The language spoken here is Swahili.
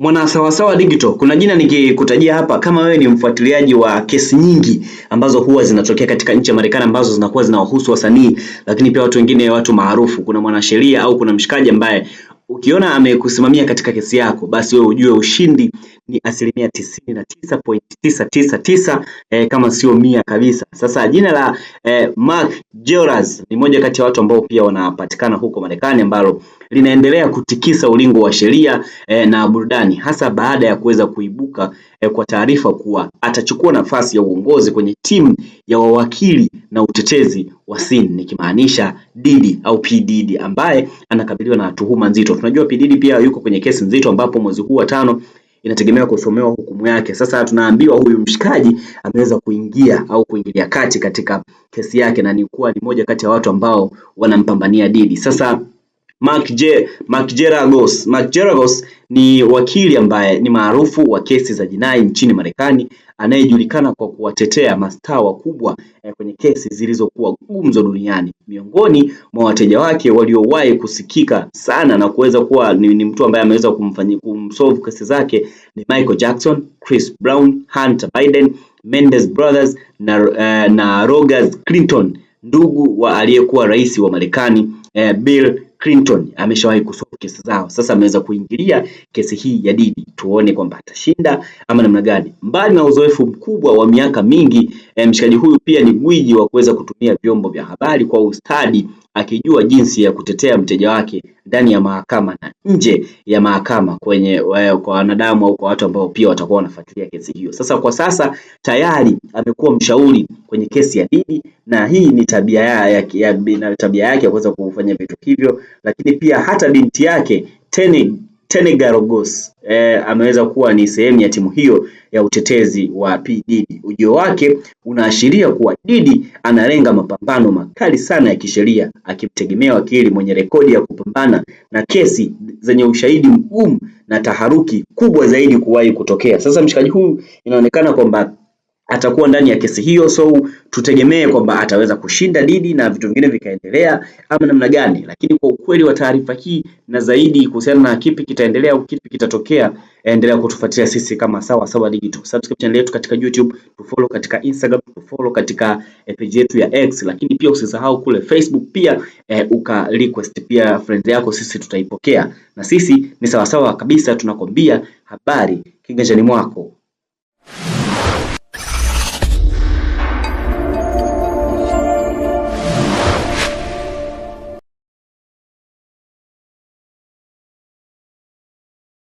Mwana sawasawa digital, kuna jina nikikutajia hapa, kama wewe ni mfuatiliaji wa kesi nyingi ambazo huwa zinatokea katika nchi ya Marekani ambazo zinakuwa zinawahusu wasanii, lakini pia watu wengine, watu maarufu, kuna mwanasheria au kuna mshikaji ambaye ukiona amekusimamia katika kesi yako, basi wewe ujue ushindi ni asilimia tisini na tisa point tisa tisa tisa eh, kama sio mia kabisa. Sasa jina la eh, Mark Joras ni moja kati ya watu ambao pia wanapatikana huko Marekani ambalo linaendelea kutikisa ulingo wa sheria eh, na burudani hasa baada ya kuweza kuibuka eh, kwa taarifa kuwa atachukua nafasi ya uongozi kwenye timu ya wawakili na utetezi wa Sin nikimaanisha Didi au PDD ambaye anakabiliwa na tuhuma nzito. Tunajua PDD pia yuko kwenye kesi nzito ambapo mwezi huu wa tano inategemea kusomewa hukumu yake. Sasa tunaambiwa huyu mshikaji ameweza kuingia au kuingilia kati katika kesi yake na ni kuwa ni moja kati ya watu ambao wanampambania Diddy. Sasa McGeragos. McGeragos ni wakili ambaye ni maarufu wa kesi za jinai nchini Marekani anayejulikana kwa kuwatetea mastaa wakubwa eh, kwenye kesi zilizokuwa gumzo duniani. Miongoni mwa wateja wake waliowahi kusikika sana na kuweza kuwa ni, ni mtu ambaye ameweza kumfanyia kumsolve kesi zake ni Michael Jackson, Chris Brown, Hunter Biden, Mendes Brothers na, eh, na Rogers Clinton ndugu wa aliyekuwa rais wa Marekani eh, Bill Clinton ameshawahi kusoma kesi zao, sasa ameweza kuingilia kesi hii ya Diddy, tuone kwamba atashinda ama namna gani. Mbali na uzoefu mkubwa wa miaka mingi, eh, mshikaji huyu pia ni gwiji wa kuweza kutumia vyombo vya habari kwa ustadi, akijua jinsi ya kutetea mteja wake ndani ya mahakama na nje ya mahakama kwenye eh, kwa wanadamu au kwa watu ambao pia watakuwa wanafuatilia kesi hiyo. Sasa kwa sasa tayari amekuwa mshauri kwenye kesi ya Diddy na hii ni tabia yake ya, ya, tabia yake ya kuweza kufanya vitu hivyo, lakini pia hata binti yake Teni Tenegarogos eh, ameweza kuwa ni sehemu ya timu hiyo ya utetezi wa P Diddy. Ujio wake unaashiria kuwa Diddy analenga mapambano makali sana ya kisheria, akimtegemea wakili mwenye rekodi ya kupambana na kesi zenye ushahidi mgumu na taharuki kubwa zaidi kuwahi kutokea. Sasa mshikaji, huu inaonekana kwamba atakuwa ndani ya kesi hiyo, so tutegemee kwamba ataweza kushinda didi na vitu vingine vikaendelea ama namna gani. Lakini kwa ukweli wa taarifa hii na zaidi kuhusiana na kipi kitaendelea au kipi kitatokea, endelea kutufuatilia sisi kama Sawa Sawa Digital. Subscribe channel yetu katika YouTube, tufollow katika Instagram, tufollow katika eh, page yetu ya X, lakini pia usisahau kule Facebook pia e, uka request pia friends yako, sisi tutaipokea na sisi ni Sawa Sawa kabisa, tunakwambia habari kiganjani mwako.